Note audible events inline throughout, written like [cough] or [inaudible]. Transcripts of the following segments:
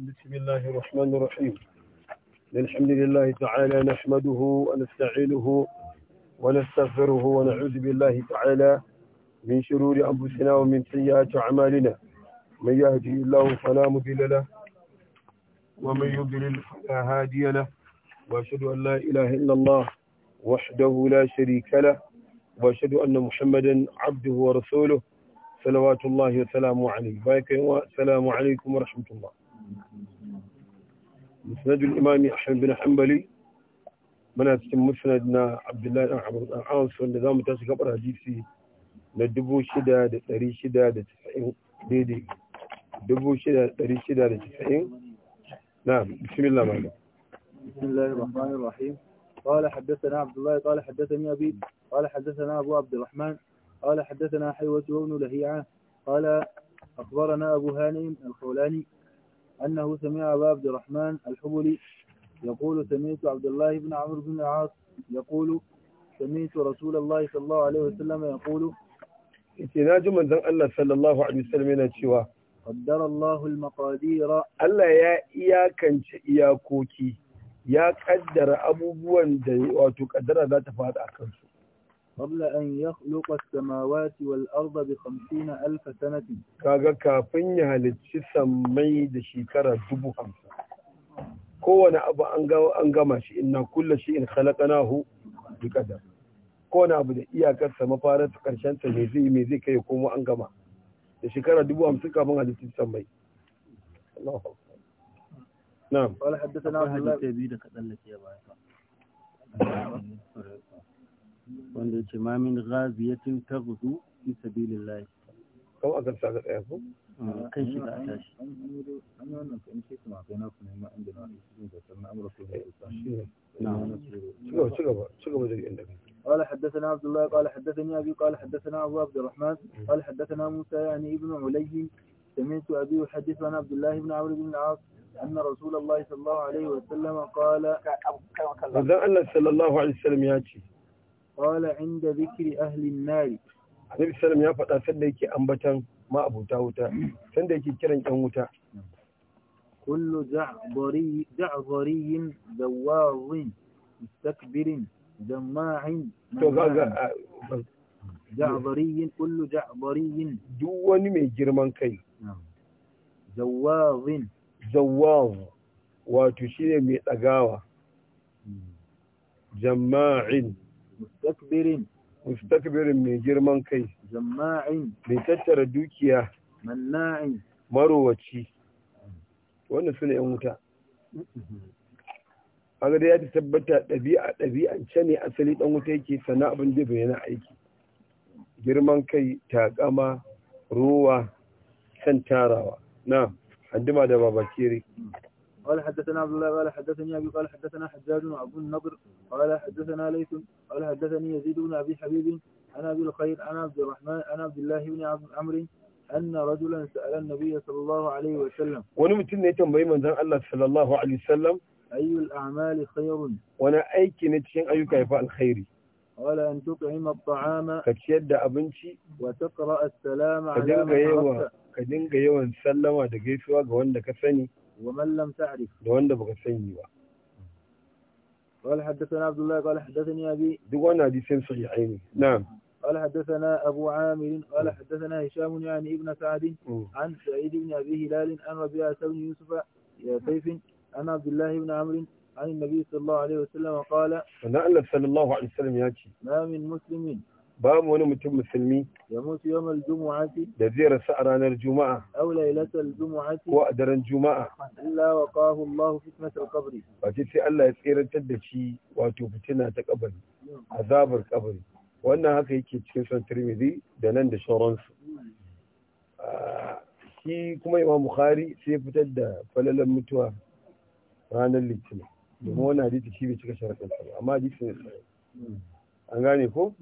بسم الله الرحمن الرحيم الحمد لله تعالى نحمده ونستعينه ونستغفره ونعوذ بالله تعالى من شرور أنفسنا ومن سيئات أعمالنا من يهدي الله فلا مضل له ومن يضلل فلا هادي له وأشهد أن لا إله إلا الله وحده لا شريك له وأشهد أن محمدا عبده ورسوله صلوات الله وسلامه عليه السلام عليكم ورحمة الله مسند الإمام أحمد بن حنبلي من أسم مسندنا عبد الله بن عمر بن عاص والنظام تاسك أبرا جيسي ندبو شداد تري شداد تسعين ديدي دبو شداد تري شداد تسعين نعم بسم الله مالك بسم الله الرحمن الرحيم قال حدثنا عبد الله قال حدثني أبي قال حدثنا أبو عبد الرحمن قال حدثنا حيوة بن لهيعة قال أخبرنا أبو هانم الخولاني أنه سمع أبا عبد الرحمن الحبلي يقول سمعت عبد الله بن عمرو بن العاص يقول سمعت رسول الله صلى الله عليه وسلم يقول اتناج من ذن الله صلى الله عليه وسلم ينشوا قدر الله المقادير الله يا إياكن إياكوكي يا قدر أبو بوان دي وتقدر ذات فات أكنس قبل أن يخلق السماوات والأرض بخمسين ألف سنة كاغا كافن يهلت سمي دشيكرة دبو خمسة كون أبا أنغمش إن كل شيء خلقناه بقدر kowane abu da iyakarsa mafarar karshenta mai zai mai zai kai komo an gama da shekara dubu hamsin kafin halittar sammai. Na'am. Wala haddasa wanda ya ce ma min ghaziyatin taghdu fi sabilillah kau a gamsa ga tsaya ko kan shi da tashi an yi wannan kan shi kuma kai na kuma ma inda na shi da sanna amra ko da shi na cigaba cigaba cigaba da inda قال حدثنا عبد الله قال حدثني أبي قال حدثنا أبو عبد الرحمن قال حدثنا موسى يعني ابن علي سمعت أبي يحدث عن عبد الله بن عمرو بن العاص أن رسول الله صلى الله عليه وسلم قال هذا أن صلى الله عليه وسلم ياتي qala inda zikri ahli an-nar Annabi sallallahu ya faɗa sanda yake ambatan ma abuta wuta sanda yake kiran ƴan wuta kullu ja'bari ja'bariyin dawawin mustakbirin jama'in to gaga ja'bariyin kullu ja'bariyin duk wani mai girman kai zawawin zawaw wato shine mai dagawa. Hmm. jama'in mustakbirin mustakbirin mai girman kai jama'in mai tattara dukiya manna'in marowaci wannan suna yan wuta aga dai ya ta tabbata ɗabi'a ɗabi'ance ne asali ɗan wuta yake sana abin da na aiki girman kai taƙama ruwa kan tarawa na handima da babakere قال حدثنا عبد الله قال حدثني أبي قال حدثنا حجاج وأبو النضر قال حدثنا ليث قال حدثني يزيد بن أبي حبيب عن أبي الخير عن عبد الرحمن عن عبد الله بن عمرو أن رجلا سأل النبي صلى الله عليه وسلم ونمتن يتنبئي من ذن الله صلى الله عليه وسلم أي الأعمال خير وانا أي كنتشين أي كيفاء الخير قال أن تطعم الطعام كتشد أبنشي وتقرأ السلام على من عرفت كدنك يوان سلم ودقيسوا وان دكسني ومن لم تعرف وند بك سني با قال حدثنا عبد الله قال حدثني أبي دوانا دي سن صحيحين نعم قال حدثنا أبو عامر قال نعم. حدثنا هشام يعني ابن سعد عن سعيد بن أبي هلال عن ربيعة بن يوسف يا سيف عن عبد الله بن عمرو عن النبي صلى الله عليه وسلم قال فنألف صلى الله عليه وسلم ياتي ما من مسلم ba mu wani mutum musulmi ya mutu da zai rasu a ranar juma'a aw lailatal juma'a ko a daren juma'a wa qahu Allah wace sai Allah ya tsirantar da shi wato fitina ta kabari azabar kabari wannan haka yake cikin san Tirmidhi da nan da shauransu ah, shi kuma Imam Bukhari sai fitar da falalan mutuwa ranar Litinin domin wannan hadisi shi bai cika sharafin sa amma hadisi ne an gane ko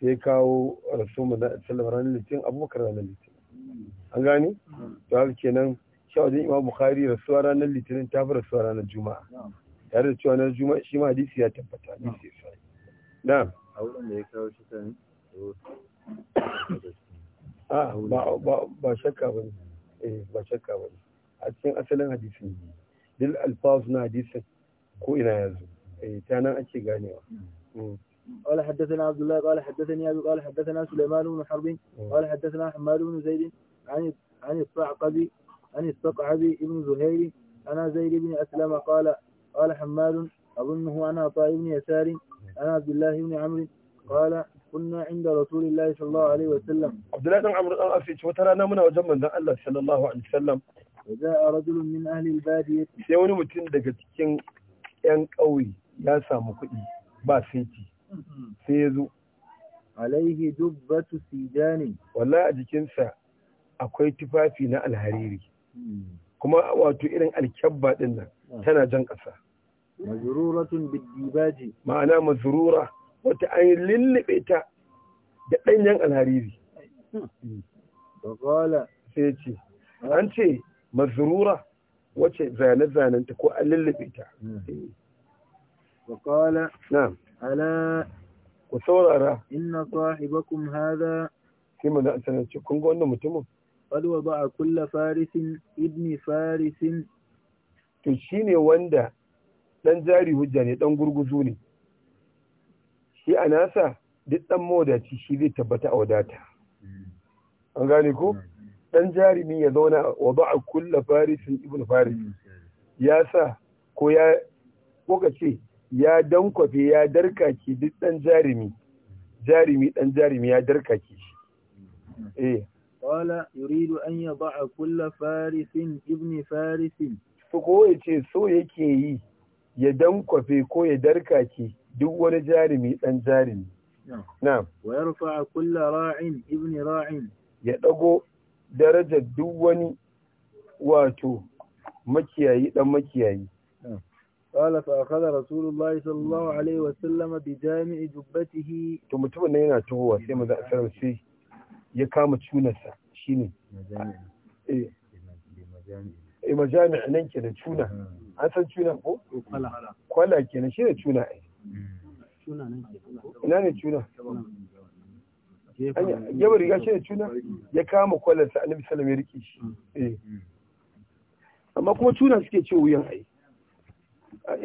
sai kawo rasu mu sallam ranar litin abubakar ranar litin an gane to haka kenan shi wajen imam bukhari rasuwa ranar litinin ta fi rasuwa ranar juma'a tare da cewa ranar juma'a shi ma hadisi ya tabbata hadisi ya sai na a da ya kawo shi kan a ba shakka ba ne eh, ba shakka ba ne a cikin asalin hadisin dil alfaz na hadisin ko ina yanzu eh, ta nan ake ganewa hmm. قال حدثنا عبد الله قال حدثني أبي قال حدثنا سليمان بن حرب قال حدثنا حماد بن زيد عن عن الصعقبي عن الصقعبي بن زهير أنا زيد بن أسلم قال قال حماد أظنه أنا عطاء بن يسار أنا عبد الله بن عمرو قال كنا عند رسول الله صلى الله عليه وسلم عبد الله بن عمرو قال أفيت وترانا منا وجمن ذا الله صلى الله عليه وسلم وجاء رجل من أهل البادية سيوني متين دقتين yan ƙauye ya samu kuɗi ba seti sai ya zo alaihi dubbatu sijani wallahi a jikinsa akwai tufafi na alhariri kuma wato irin alkyabba din nan tana jan ƙasa mazururatun biddibaji ma'ana mazurura wata an lullube ta da ɗanyen alhariri Bakwala sai ce, an ce mazurura wace zane-zanenta ko an lullube ta. Bakwala. Na'am. ala ku saurara inna sahibakum hadha sai mu da sanarci kun ga wannan mutumin qad wada'a kulla farisin ibni farisin to shine wanda dan jari hujja ne dan gurguzu ne shi a nasa duk dan mawadaci shi zai tabbata a wadata an gane ko dan jarumi ya zauna a kulla farisin ibnu faris ya sa ko ya ko ka ce ya dankwafe ya darka ki duk ɗan jarumi jarumi ɗan jarumi ya darka shi eh qala yuridu an yada'a kulla faris ibni faris to ko yace so yake yi ya dankwafe ko ya darka ki duk wani jarumi ɗan jarumi na'am wa yarfa'a kulla ra'in ibni ra'in ya dago darajar duk wani wato makiyayi ɗan makiyayi قال فأخذ رسول الله صلى الله عليه وسلم بجامع mutumin nan yana tuhuwa sai maza sallam sai ya kama cunarsa shine eh eh majami eh, nan kenan cuna hmm. an san cuna ko kwala kenan shine cuna ai hmm. cuna ina ne cuna yawan riga shi ne cuna ya kama kwalarsa annabi sallam ya rike shi hmm. eh. amma kuma cuna suke ce wuyan ai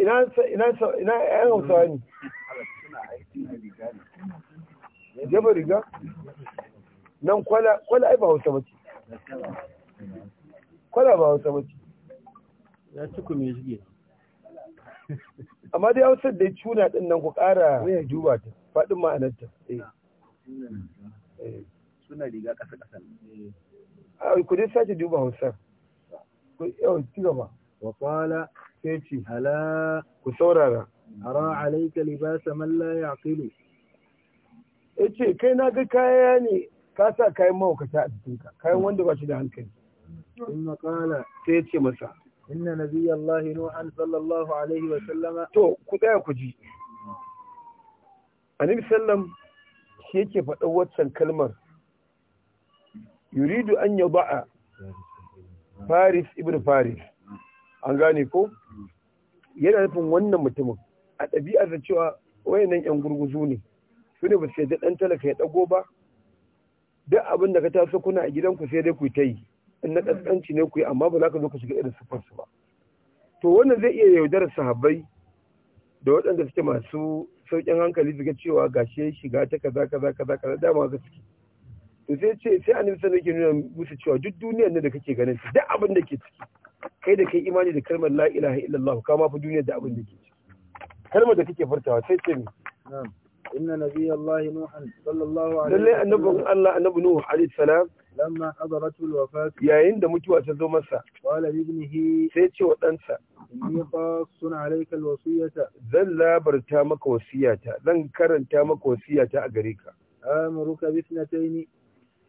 ina ina ina yan hausawa ne jaba riga nan kwala kwala ai ba hausa ba ce kwala ba hausa ba ce ya ci kuma shi amma dai hausar da cuna din nan ku ƙara ya juba ta faɗin ma'anarta eh. Eh. suna riga ƙasa ƙasa a ku dai sace duba hausar ku yau ci gaba wa kwala sai ce hala ku saurara ara alaika libasa man la yaqilu yace kai na ga kaya ne ka sa kayan mahaukata a cikin ka. kayan wanda ba shi da hankali inna qala sai ce masa inna nabiyallahi nuhan sallallahu alaihi wa sallama to ku tsaya ku ji annabi sallam shi yake faɗa waccan kalmar yuridu an yada'a faris ibn faris an gane ko yana nufin wannan mutumin a ɗabi'ar da cewa wayannan yan gurguzu ne su ne ba su yadda ɗan talaka ya ɗago ba duk abin da ka taso kuna a gidanku sai dai ku ta yi in na ƙasƙanci ne ku yi amma ba za ka zo ka shiga irin siffarsu ba to wannan zai iya yaudarar sahabbai da waɗanda suke masu sauƙin hankali ga cewa ya shiga ta kaza kaza kaza kaza dama ka suke to sai ce sai annabi sallallahu alaihi wasallam nuna musu cewa duk duniyar ne da kake ganin duk abin da ke ciki kai da kai imani da kalmar la ilaha illallah ka ma fi duniya da abin da ke kalmar da kake furtawa sai ce mi inna nabiyallahi nuhan sallallahu alaihi lalle annabin Allah annabi nuhu alaihi salam lamma hadaratu alwafat yayin da mutuwa ta zo masa qala ibnihi sai ce wa ɗansa inni qassun alayka alwasiyata zan labarta maka wasiyata zan karanta maka wasiyata a gare ka amuruka bi ithnatayn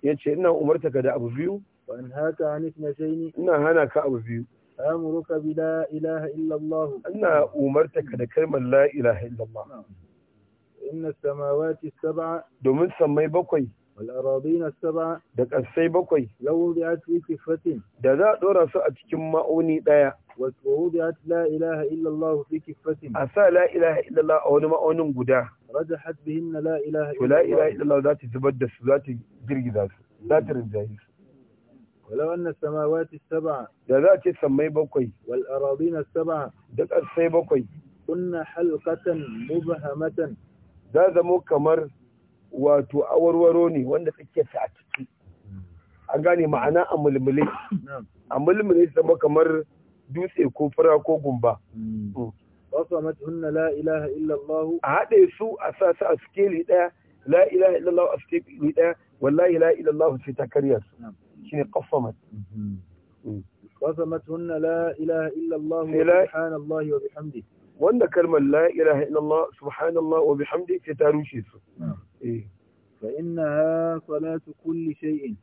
yace ina umarta ka da abu biyu wa anhaka an ithnatayn ina hana ka abu biyu amuruka bi la ilaha illallah ina umartaka da kalmar la ilaha illallah inna samawati sab'a domin samai bakwai wal aradina sab'a da kasai bakwai law da za a dora su a cikin ma'auni daya wa wudi'at la ilaha illallah fi kifatin asa la ilaha illallah a wani ma'aunin guda rajahat bihinna la ilaha illallah la ilaha illallah za ta zubar da su za ta girgiza su za ta su ولو أن السماوات السبع دذات السمي بقي والأراضين السبع دقى السي بقي كنا حلقة مبهمة ذا مو كمر واتو أوروروني وانا تكي ساعتك أغاني معنا أململي أململي سما كمر dutse ko fura ko gumba. Wasamat hunna la ilaha illallah. A haɗe su a sa su a skeli ɗaya, la ilaha illallah a skeli ɗaya, wallahi la illallah sai ta karyar su. shine qasamat qasamat hunna la ilaha illallah, Allah wa bihamdi wanda kalmar la ilaha illallah" subhanallah wa bihamdi ce ta rushe su Ba ina innaha salatu kulli shay'in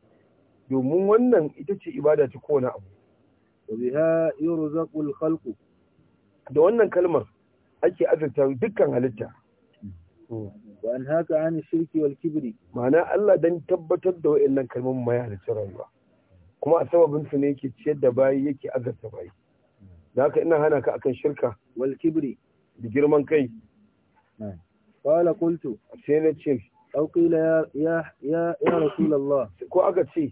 domin wannan ita ce ibada ta kowane abu wa biha yurzaqul khalqu da wannan kalmar ake azurta dukkan halitta Ba an haka an shirki wal kibri ma'ana Allah don tabbatar da wayannan kalmomin mai da rayuwa kuma a sababin su ne yake ciyar da bayi yake azarta bayi da haka ina hana ka akan shirka wal kibri da girman kai qala qultu sai na ce aw qila ya ya ya rasulullah ko aka ce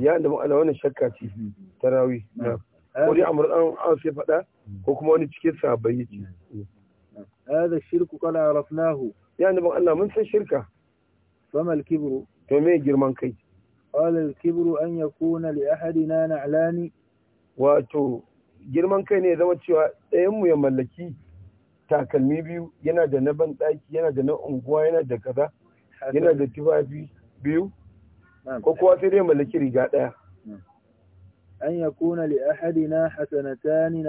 ya inda ma'ana wannan shakka ce mhm. tarawi ko dai amr an an sai fada mhm. ko kuma wani cikin sahabbai yace hada shirku kana arafnahu ya inda Allah mun san shirka fama al kibru to me girman kai قال الكبر أن يكون لأحدنا نعلان واتو girman kai ne zama cewa ɗayanmu ya mallaki takalmi biyu yana da na banɗaki yana da na unguwa yana da kaza yana da tufafi biyu ko kuwa sai dai mallaki riga ɗaya an ya kuna li ahadina hasanatani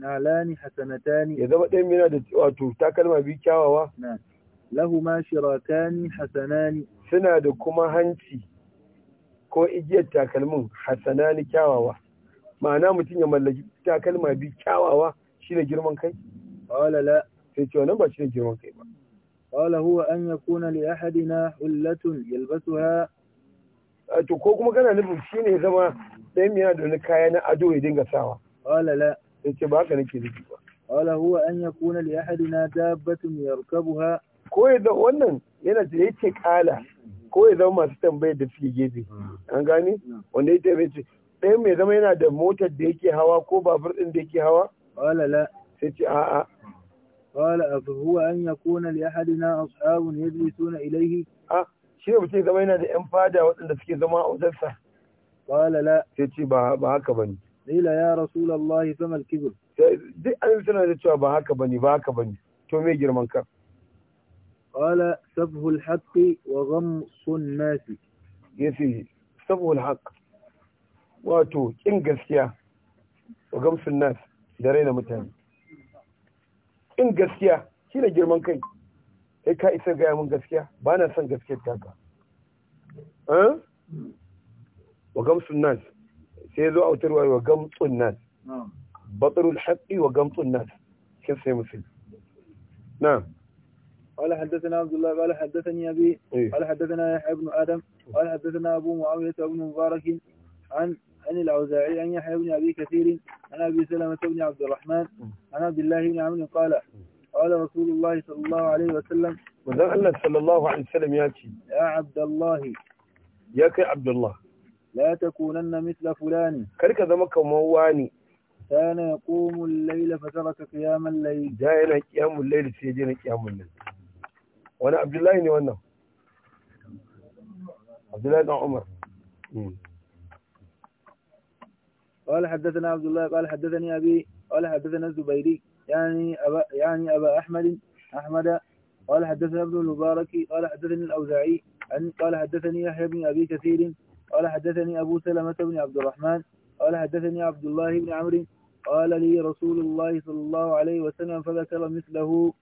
na alani hasanatani ya zama ɗayan yana da wato takalma biyu kyawawa lahu ma shirakani hasanani suna da kuma hanci ko igiyar takalmin ni kyawawa ma'ana mutum ya mallaki takalma bi kyawawa shine girman kai wala la sai ce wannan ba shine girman kai ba wala huwa an yakuna li ahadina hullatun yalbasuha to ko kuma kana nufin shine zama ɗan miya da wani kaya na ado ya dinga sawa wala la sai ce ba haka nake nufi ba wala huwa an yakuna li ahadina dabbatun yarkabuha ko wannan yana da ya ce kala ko ya zama masu tambaya da suke gefe an gane wanda ya tambaye ce ɗayan mai zama yana da motar da yake hawa ko babur ɗin da yake hawa wala la sai ce a'a wala abu huwa an yakuna li ne, zai suna ilaihi. a shi ne mutum zama yana da yan fada waɗanda suke zama a wajensa wala la sai ce ba haka ba ne qila ya rasulullahi famal kibr duk an suna da cewa ba haka ba ne ba haka ba ne to me girman ka قال سفه الحق وغمص الناس يفي سفه الحق واتو إن قسيا وغمص الناس درينا متان إن قسيا كنا جرمان كي kai ka isa gaya mun gaskiya ba na son gaskiyar taka wa gamsun nas sai zo autarwa wa gamsun nas batarul haqqi wa gamsun nas kin sai قال حدثنا عبد الله قال حدثني أبي قال حدثنا يحيى بن آدم قال حدثنا أبو معاوية بن مبارك عن عن الأوزاعي عن يحيى بن أبي كثير عن أبي سلمة بن عبد الرحمن عن عبد الله بن عمرو قال قال رسول الله صلى الله عليه وسلم وذا الله صلى الله عليه وسلم ياتي يا عبد الله يا كي عبد الله لا تكونن مثل فلان كرك ذمك مواني كان يقوم الليل فترك قيام الليل جاءنا قيام الليل سيجينا قيام الليل الله abdullahi ne عبد الله بن عمر قال حدثنا عبد الله قال حدثني أبي قال حدثنا الزبيري يعني أبا, يعني أبا أحمد أحمد قال حدثنا ابن المبارك قال حدثني الأوزاعي عن قال حدثني يحيى بن أبي كثير قال حدثني أبو سلمة بن عبد الرحمن قال حدثني عبد الله بن عمرو قال لي رسول الله صلى الله عليه وسلم فذكر مثله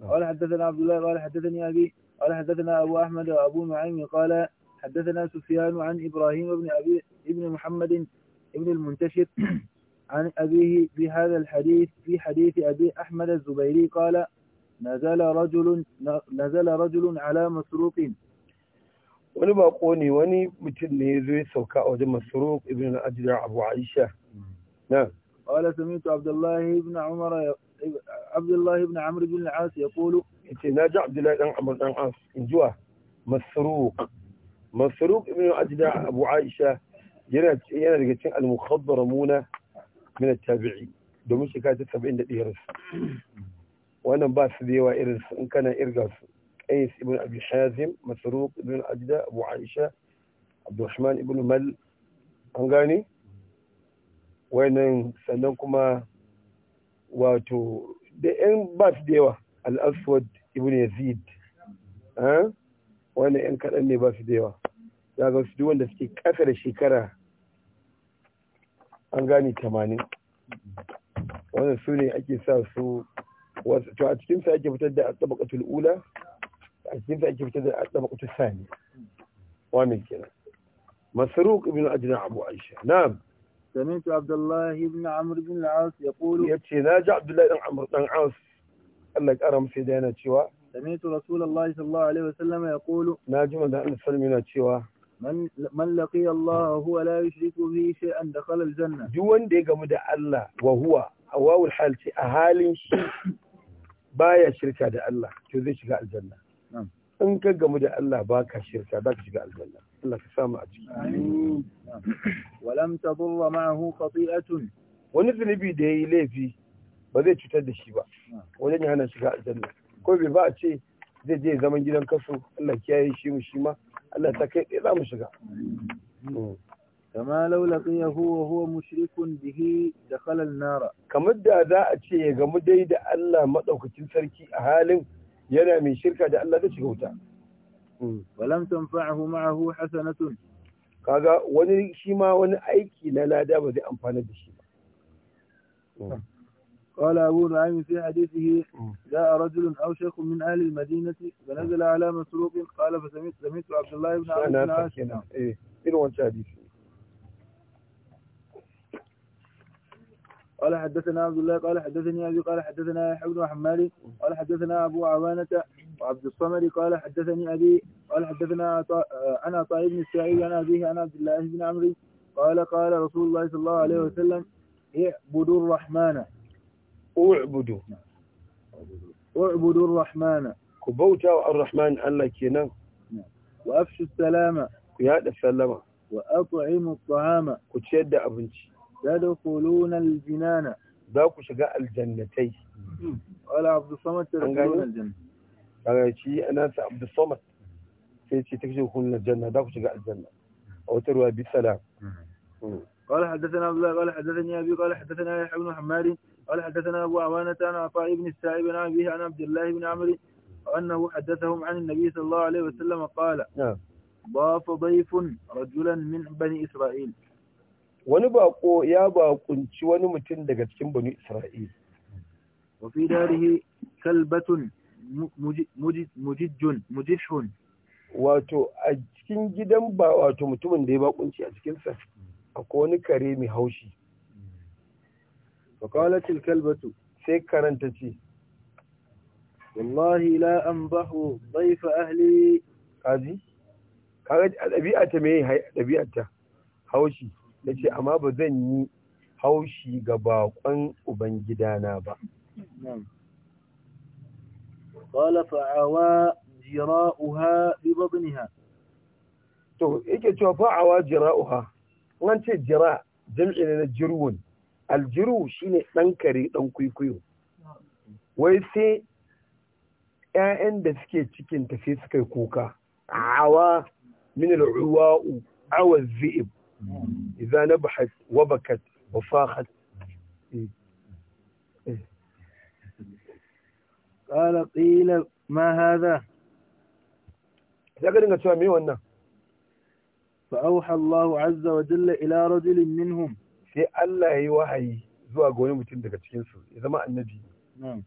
نعم. قال حدثنا عبد الله قال حدثني أبي قال حدثنا أبو أحمد وأبو نعيم قال حدثنا سفيان عن إبراهيم بن أبي ابن محمد ابن المنتشر [clears throat] عن أبيه في هذا الحديث في حديث أبي أحمد الزبيري قال نزل رجل نزل رجل على مسروق wani bako ne wani mutum ne ya zo ya sauka a wajen نعم ibn al عبد abu aisha hmm. na abdullahi ibn umar Abdullahi ibn Amr ibn al-As ya kolo na ji Abdullahi dan Amr dan As injuwa Masruq Masruq ibn Ajda Abu Aisha yana yana daga cikin al-mukhaddaramuna min at-tabi'i domin shi ka ta 71 wannan ba su da yawa irin su in kana irga su قيس ابن أبي حازم مسروق ابن أجدى أبو عائشة عبد الرحمن ابن مل أنغاني وين wato da yan ba su da yawa al ibn yazid eh? wani yan kaɗan ne ba su da yawa za ga su duk wanda suke ƙasa da shekara an gane tamanin wanda su ne ake sa su wasu a cikin sa ake fitar da a ƙatul ula a cikin sa ake fitar da a ƙatul sani wannan kenan masruq ibn adna abu aisha na'am سمعت عبد الله بن عمرو بن العاص يقول يتشي ناجي عبد الله بن عمرو بن العاص قال لك أرم سيدينا تشيوا سمعت رسول الله صلى الله عليه وسلم يقول ناجي من دعنا سلمنا تشيوا من من لقي الله وهو لا يشرك به شيئا دخل الجنة جوان دي قمد الله وهو أواو الحال أهالي baya shirka da Allah to zai shiga aljanna in ka gamu da Allah baka shirka zaka shiga aljanna Allah ka samu a ciki walam ma'ahu wani zunubi da yayi laifi ba zai cutar da shi ba wajen ya hana shiga aljanna ko bai ba a ce zai je zaman gidan kasu? Allah kiyaye shi mu shi ma Allah ta kai za mu shiga kama laula laqiyahu wa huwa mushrikun bihi da an-nar kamar da za a ce ya gamu dai da Allah maɗaukacin sarki a halin yana mai shirka da Allah zai shiga wuta walam tanfa'ahu ma'ahu hasanatun kaga wani shi ma wani aiki na lada ba zai amfana da shi ba قال أبو نعيم في حديثه جاء رجل أوشك من أهل المدينة فنزل على مسروق قال فسمعت سمعت عبد الله بن عمرو بن عاصم إيه إيه وانت حديثه قال حدثنا عبد الله قال حدثني أبي قال حدثنا يحيى بن حمالي قال حدثنا أبو عوانة وعبد الصمد قال حدثني أبي قال حدثنا أنا طيب بن السعيد أنا أبيه عن عبد الله بن عمرو قال قال رسول الله صلى الله عليه وسلم اعبدوا الرحمن اعبدوا اعبدوا الرحمن كبوتا الرحمن الله كينان وأفشوا السلامة يا السلامة وأطعموا الطعام كتشد أبنتي tadkhuluna aljinana za ku shiga aljannatai wala abdu samad tadkhuluna aljanna kaga shi ana sa abdu samad sai ce tadkhuluna aljanna za ku shiga aljanna aw tarwa bi salam قال حدثنا عبد الله قال حدثني ابي قال حدثنا يحيى بن حماد قال حدثنا ابو عوانه عن عطاء بن السائب عن ابيه عن عبد الله بن عمرو وأنه حدثهم عن النبي صلى الله عليه وسلم قال نعم ضاف ضيف رجلا من بني إسرائيل wani bako ya bakunci wani mutum daga cikin bani Isra'il. wa fi darihi kalbatun mujijjun mujishun wato a cikin gidan ba wato mutumin da ya bakunci a cikinsa akwai wani kare mai haushi fakalatil kalbatu sai karanta ce wallahi la an bahu zaifa ahli kaji kaga ɗabi'ata mai ɗabi'ata haushi da ce amma ba zan yi haushi ga bakon ubangidana ba qala fa'awa jira'uha bi babniha to yake cewa fa'awa jira'uha wannan ce jira jam'i ne na jirwun aljiru shine ɗan kare ɗan kuikuyo wai sai ƴaƴan da suke cikin tafi suka kuka awa min al'uwa'u awa zi'ib idza nabahat wa bakat wa fakhat qala qila ma hadha zaka dinga cewa me wannan fa auha Allah azza wa jalla ila rajulin minhum sai Allah yi wahayi zuwa ga mutum daga cikin su ya zama annabi na'am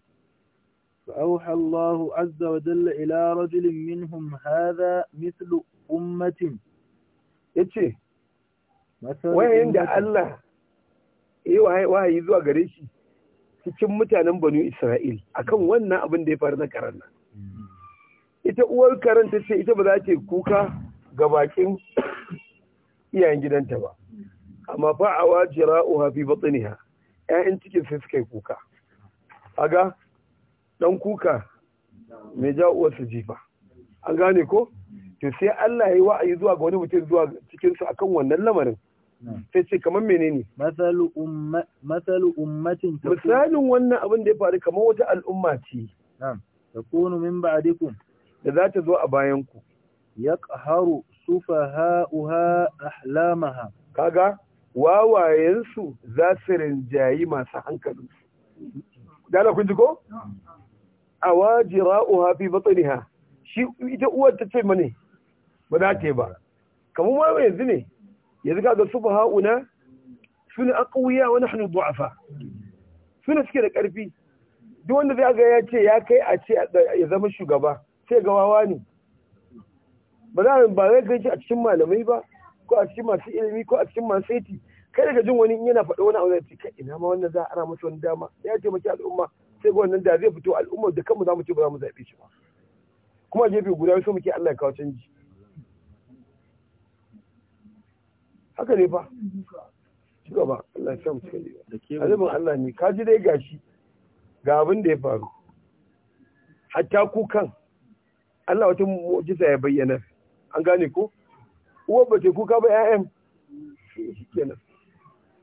فأوحى الله عز وجل إلى رجل منهم هذا مثل أمة يتشي wayan da Allah yi wahayi zuwa gare shi cikin mutanen banu Isra'il akan wannan abin da ya faru na karan nan. Ita uwar karan ta ce ita ba za ta kuka ga bakin iyayen gidanta ba. Amma fa a wajira uha fi batsiniha, ‘ya'yan cikin sai suka yi kuka. Aga, ɗan kuka mai ja uwarsa jifa. An gane ko? To sai Allah ya yi wa'ayi zuwa ga wani mutum zuwa cikinsu akan wannan lamarin. sai ce kamar menene masalu ummatin ta ummatin misalin wannan abin da ya faru kamar wata al'umma ce na'am kunu min ba'dikum da za ta zo a bayan ku yaqharu sufaha'uha ahlamaha kaga wawayensu za su rinjayi masu hankalinsu dala kun ji ko a wajira'uha fi batniha shi ita uwar ta ce mane ba za ta yi ba kamar ma yanzu ne yanzu ga subha'una suna aqwiya wani nahnu bu'afa. suna suke da ƙarfi. duk wanda zai ga ya ce ya kai a ce ya zama shugaba sai ga wawa ne ba za ba zai kai shi a cikin malamai ba ko a cikin masu ilimi ko a cikin masu saiti kai daga jin wani yana faɗa wani abu zai kai ina ma wannan za a ara masa wani dama ya ce mace al'umma sai ga wannan da zai fito al'umma da kanmu za mu ce ba za mu zaɓe shi ba kuma jefe guda sai muke Allah ya kawo canji haka ne fa ci Allah ya samu cikin jiya alimin Allah ne ka ji dai gashi ga abin da ya faru hatta kukan Allah wata mu'jiza ya bayyana an gane ko uwa ba ta kuka ba ƴaƴan kenan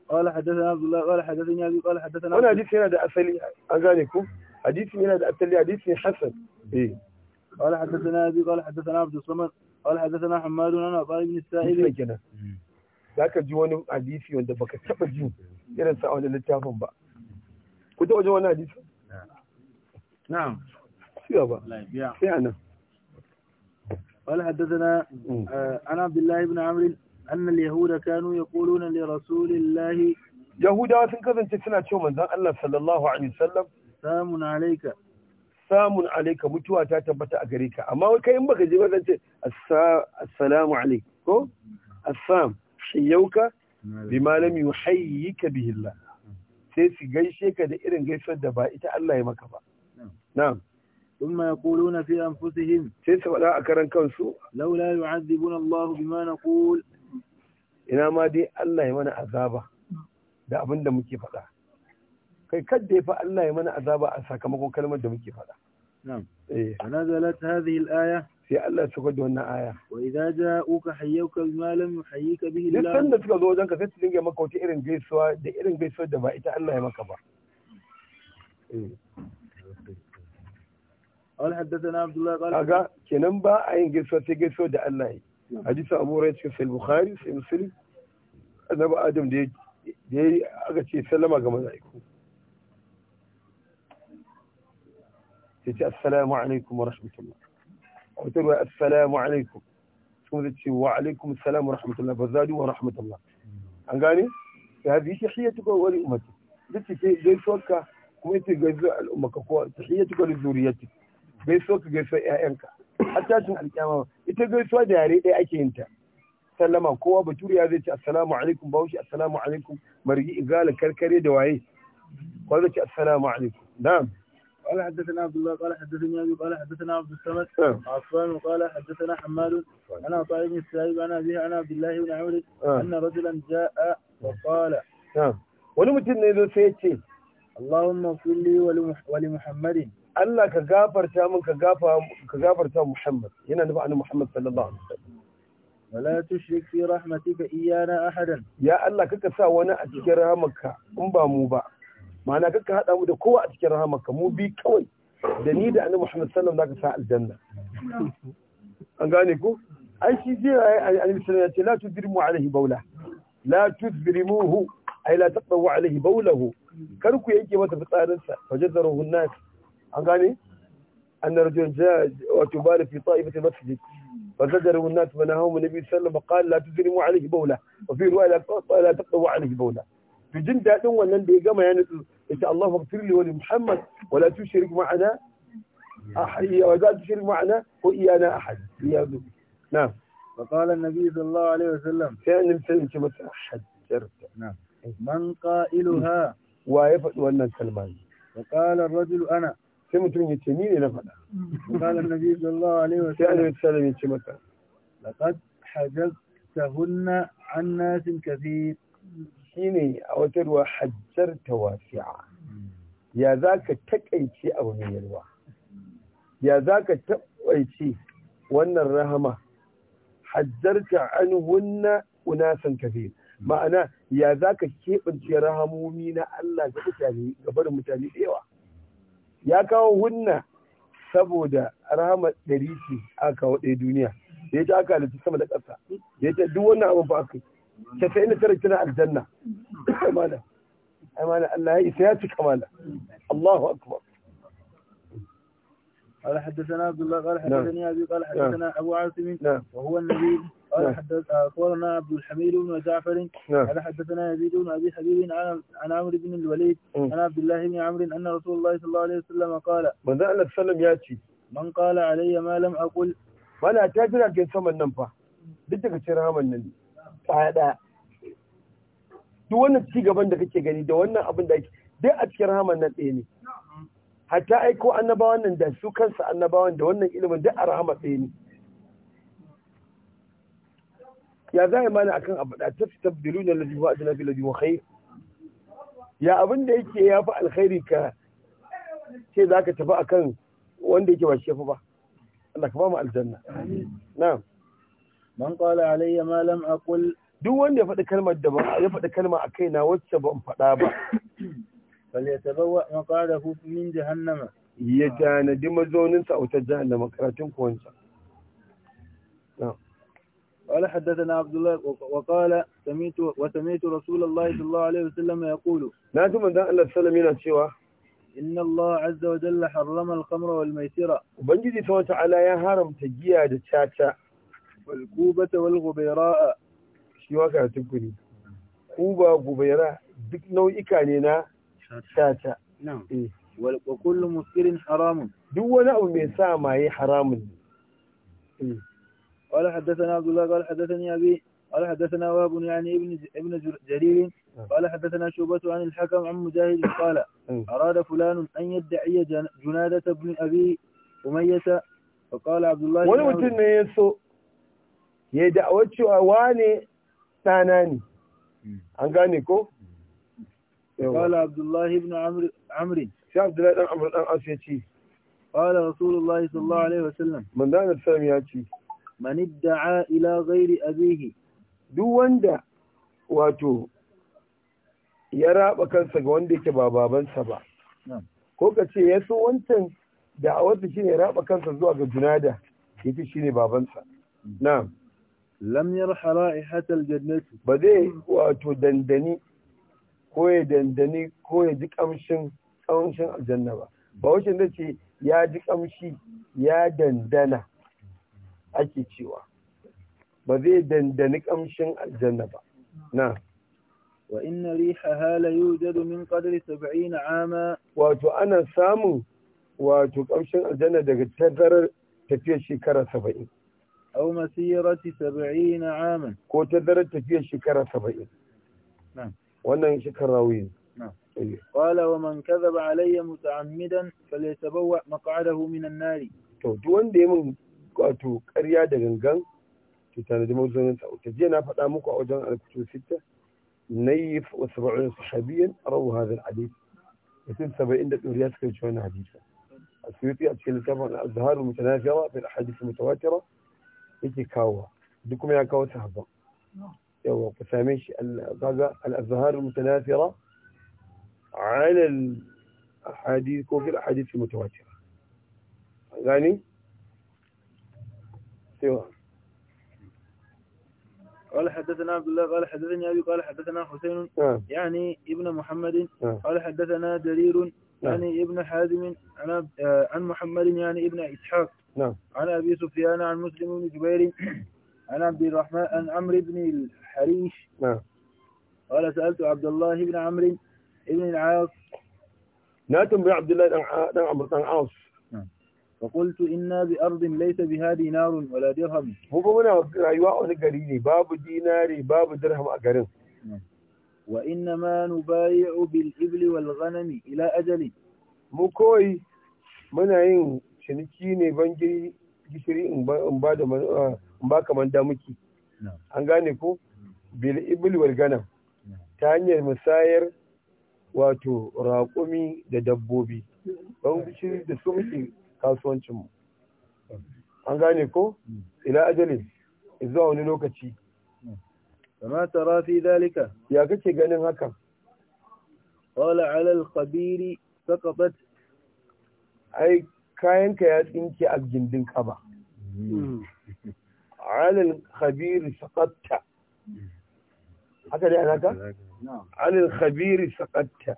قال حدثنا عبد الله قال حدثني ابي قال حدثنا وانا حديث هنا ده اصلي اغانيكم حديث هنا ده اصلي حديث حسن ايه قال حدثنا ابي قال حدثنا عبد الصمد قال حدثنا حماد بن قال ابن السائب za ka ji wani hadisi wanda baka taba ji irin sa wani littafin ba ku taba ji wani hadisi na'am siya ba sai na قال حدثنا عن عبد الله بن عمرو أن اليهود كانوا يقولون لرسول الله يهودا sun kasance suna cewa manzon Allah sallallahu alaihi wasallam samun alayka samun alayka mutuwa ta tabbata a gare ka amma kai in baka je ba zan ce assalamu alayk ko assam hayyauka bi malam yuhayyika bihi Allah sai su gaishe ka da irin gaisuwar da ba ita Allah ya maka ba na'am ثم يقولون في أنفسهم سيس ولا أكرن كنسو لولا يعذبنا الله بما نقول إنا ما دي الله mana azaba da abin da muke faɗa kai kadda ya fa Allah ya mana azaba a sakamakon kalmar da muke faɗa. Na'am. Eh. Anazalat hadhihi al-aya sai Allah ya saukar da wannan aya wa idza ja'uka hayyuka bima lam yuhayyika bihi Allah duk sanda suka zo wajenka sai su dinga maka wata irin gaisuwa da irin gaisuwa da ba ita Allah ya maka ba قال حدثنا عبد الله قال اجا kenan ba a yin gaisuwa sai gaisuwa da Allah yi hadisi Abu Hurairah cikin Sahih sai Muslim annabi Adam da da aka ce sallama ga malaiku sai ce assalamu alaikum wa fitarwa assalamu alaikum sun zai ce wa alaikum assalamu rahmatullah ba zaɗi wa rahmatullah an gane ta haɗi shi hiyar tukwa wani umarci duk ce ke gaisuwarka kuma ya ce gaisuwar al'ummarka ko ta hiyar tukwa da zuriyarci gaisuwarka gaisuwar 'ya'yanka har tashin alƙyama ita gaisuwa da yare ɗaya ake yin ta sallama kowa bature ya zai ce assalamu alaikum bawushi assalamu alaikum margi igala karkare da waye ko zai ce assalamu alaikum na'am قال حدثنا عبد الله قال حدثني أبي قال حدثنا عبد الصمد عفان قال حدثنا حماد عن عطاء السائب عن أبيه عن عبد الله بن عمرو أن رجلا جاء وقال wani mutum ne zo sai ya ce Allahumma salli wa li Muhammadin Allah ka gafarta min ka gafarta Muhammad yana nufi annabi Muhammad sallallahu alaihi wasallam wala tushrik fi rahmatika iyana ahadan ya Allah kaka sa wani a cikin rahmarka in ba ba ma'ana kakka haɗa mu da kowa a cikin rahamarka mu bi kawai da ni da annabi Muhammad sallallahu alaihi wasallam zaka sa aljanna an gane ko ai shi sai annabi sallallahu alaihi wasallam ya ce la tudrimu alaihi baula la tudrimuhu ai la taqdawu alaihi baulahu kar ku yanke mata fitsarin sa fajadaruhu nas an gane anna rajulan jaa wa tubala fi ta'ifati masjid فزجره الناس فنهاهم النبي صلى الله عليه وسلم فقال لا تجرموا عليه بوله وفي روايه لا تقطعوا عليه بوله to jin daɗin wannan da ya gama ya nutsu انت الله اغفر لي ولمحمد ولا تشرك معنا احد ولا تشرك معنا وايانا احد يا نعم فقال النبي صلى الله عليه وسلم كان الفيلم كما احد نعم من قائلها ويفد وانا سلمان فقال الرجل انا كم تريد تنين ce ni ne na faɗa. Kala Nabi sallallahu alaihi wa sallam. Sai sallam ya ce shine a wata ruwa hajjar wasi'a. ya za ka taƙaice abu mai yalwa ya za ka taɓaice wannan rahama ta an wunna unasan kafe ma'ana ya za ka keɓance rahamomi na Allah ga mutane ga barin mutane da yawa ya kawo hunna saboda rahama ɗari ce aka kawo ɗaya duniya da ya aka halittu sama da ƙasa ya ce duk wannan abin ba aka yi 99 tana aljanna amana amana Allah ya isa ya ci kamala Allahu akbar قال حدثنا عبد الله قال حدثني ابي قال حدثنا ابو عاصم وهو النبي قال حدث اخبرنا عبد الحميد بن جعفر قال حدثنا يزيد بن ابي حبيب عن عن عمرو بن الوليد عن عبد الله بن عمرو ان رسول الله صلى الله عليه وسلم قال من ذا النبي صلى ياتي من قال علي ما لم اقل ولا تاجر كان سمن نفا duk daga cikin rahaman nan kwaya ɗaya duk wannan ci gaban da kake gani da wannan abin da ake dai a cikin rahaman nan ɗaya ne hatta aiko annabawan nan da su kansu annabawan da wannan ilimin duk a rahama ɗaya ne ya za a mana akan abu da ta fi tabbilu na lalibu a jinafi lajibu kai? ya abin da yake ya fi alkhairi ka ce za ka tafi akan wanda yake ba shi ya fi ba Allah ka ba mu aljanna na'am man qala alayya ma lam aqul duk wanda ya faɗi kalmar da ba ya faɗi kalma a kaina wacce ban faɗa ba falyatabawwa maqadahu min jahannama ya tanadi mazauninsa a Wata jahannama karatun kuwansa قال حدثنا عبد الله وقال سميت وسميت رسول الله صلى الله عليه وسلم يقول لا تمن ذا الله سلم ينا cewa inna Allah azza wa jalla harrama al-khamra wal maisira ubangiji ta wata ya haramta giya da caca والكوبة والغبيراء شو waka تقولي كوبا kuba gubaira duk nau'ika ne na shata wal kullu muskirin ما هي حرام إيه. قال حدثنا عبد الله قال حدثني أبي قال حدثنا وهب يعني ابن ابن جرير نعم. قال حدثنا شوبة عن الحكم عن مجاهد قال إيه. أراد فلان أن يدعي جنادة بن أبي أمية فقال عبد الله ولو تنيسو ya yi da'awa cewa wane tsana ne an gane ko? Kala Abdullahi ibn Amri. Sai Abdullahi ɗan Amri ɗan Asu ya ce. Kala Rasulullah sallallahu Alaihi wasallam. Manzanar Salam ya ce. Mani da'a ila ghairi abihi. Duk wanda wato ya raba kansa ga wanda yake ba babansa ba. Ko ka ce ya so wancan da'awar da shi ne ya raba kansa zuwa ga junada. Yake shi ne babansa. Mm. Na'am. lam yarha ra'ihatal jannati ba zai hmm. wato dandani ko ya dandani ko ya ji kamshin kamshin aljanna ba ba wucin da ce ya ji kamshi ya dandana ake cewa ba zai dandani kamshin aljanna ba na wa inna rihaha la yujadu min qadri 70 ama wato ana samun wato kamshin aljanna daga tazarar tafiyar shekara 70 أو مسيرة سبعين عاما كو تدرت فيها شكرة سبعين نعم وأنه شكرة روين نعم. طيب. قال ومن كذب علي متعمدا فليتبوع مقعده من النار تو تو وندي من كاتو قريا دغنغان تو تانا دي مو زنن تو تجي انا فدا مكو اوجان سته نيف وسبعين صحابيا رو هذا الحديث يتم 70 دك ريات كان حديثا السيوطي اتشيل كما الازهار المتنافره في الاحاديث المتواتره yake kawowa duk kuma ya kawo sahabban yawa ku same shi kaga al-azhar al-mutanathira ala al-ahadith ko fil ahadith al-mutawatira gani سوى قال حدثنا عبد الله قال حدثني أبي قال حدثنا حسين آه. يعني ابن محمد آه. قال حدثنا درير يعني آه. ابن حازم عن محمد يعني ابن إسحاق نعم عن أبي سفيان عن مسلم بن جبير عن عبد الرحمن عن عمرو بن الحريش نعم قال سألت عبد الله بن عمرو بن العاص ناتم بعبد الله بن عمرو بن العاص نعم. فقلت إنا بأرض ليس بها دينار ولا درهم هو منا أيواء قليل باب دينار باب درهم أقرن نعم. وإنما نبايع بالإبل والغنم إلى أجل مكوي منعين ciniki ne ban gishiri in ba da in ba da muke ah, an gane ko bil ibil wal ganam ta hanyar musayar wato raƙumi da dabbobi ban gishiri da su muke kasuwancin mu. an gane ko hmm. ila ajalin zuwa wani lokaci hmm. kama tara fi dalika ya kake ganin haka qala ala al qabiri saqatat ai kayan ka ya tsinke a gindin ka ba. Alil khabiri sakatta. haka dai anaka Alil khabiri sakatta.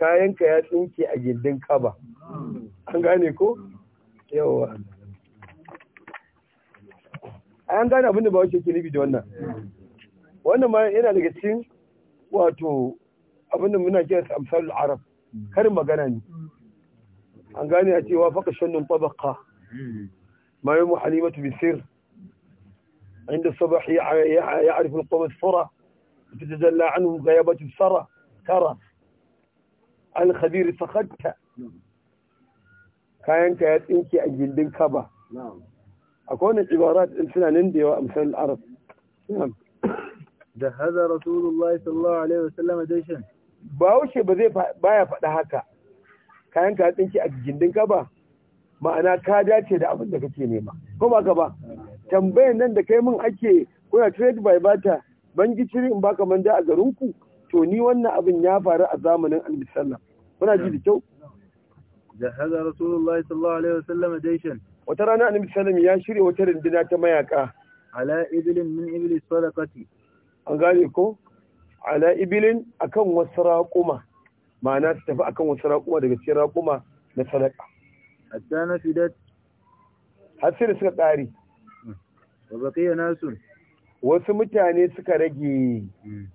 Kayan ka ya tsinke a gindin ka ba. an gane ko Yawwa. an gane abinda ba wace kilibi da wannan wannan ma yana daga cikin wato abinda muna kiyar sa al'arab. karin magana ne an gane a cewa faka shannun tabaka ma yi muhalimatu bisir عند الصباح يعرف القوم الثرى تتجلى عنه غيابة الثرى ترى الخبير سخدت kayanka ya tsinke a gindin kaba akwai wani ibarat din suna nan da yawa amsal arab da hada rasulullahi sallallahu alaihi wasallam jaishin ba wuce ba zai baya faɗa haka kayan ka tsinki a gindin ba ma'ana ka dace da abin da kake nema ko ba ka ba tambayan nan da kai min ake kuna trade by barter ban giciri in baka manja a garin ku to ni wannan abin ya faru a zamanin annabi sallallahu kuna ji da kyau jahaza rasulullahi sallallahu alaihi wasallam jaishan wata rana annabi sallallahu ya shirya wata rinduna ta mayaka ala ibilin min iblis sadaqati an gane ko ala ibilin akan wasu raƙuma ma'ana su tafi akan wasu raƙuma daga cikin raƙuma na sadaka hatta na fidat har sai da suka ƙare wa baqiya nasu wasu mutane suka rage hmm.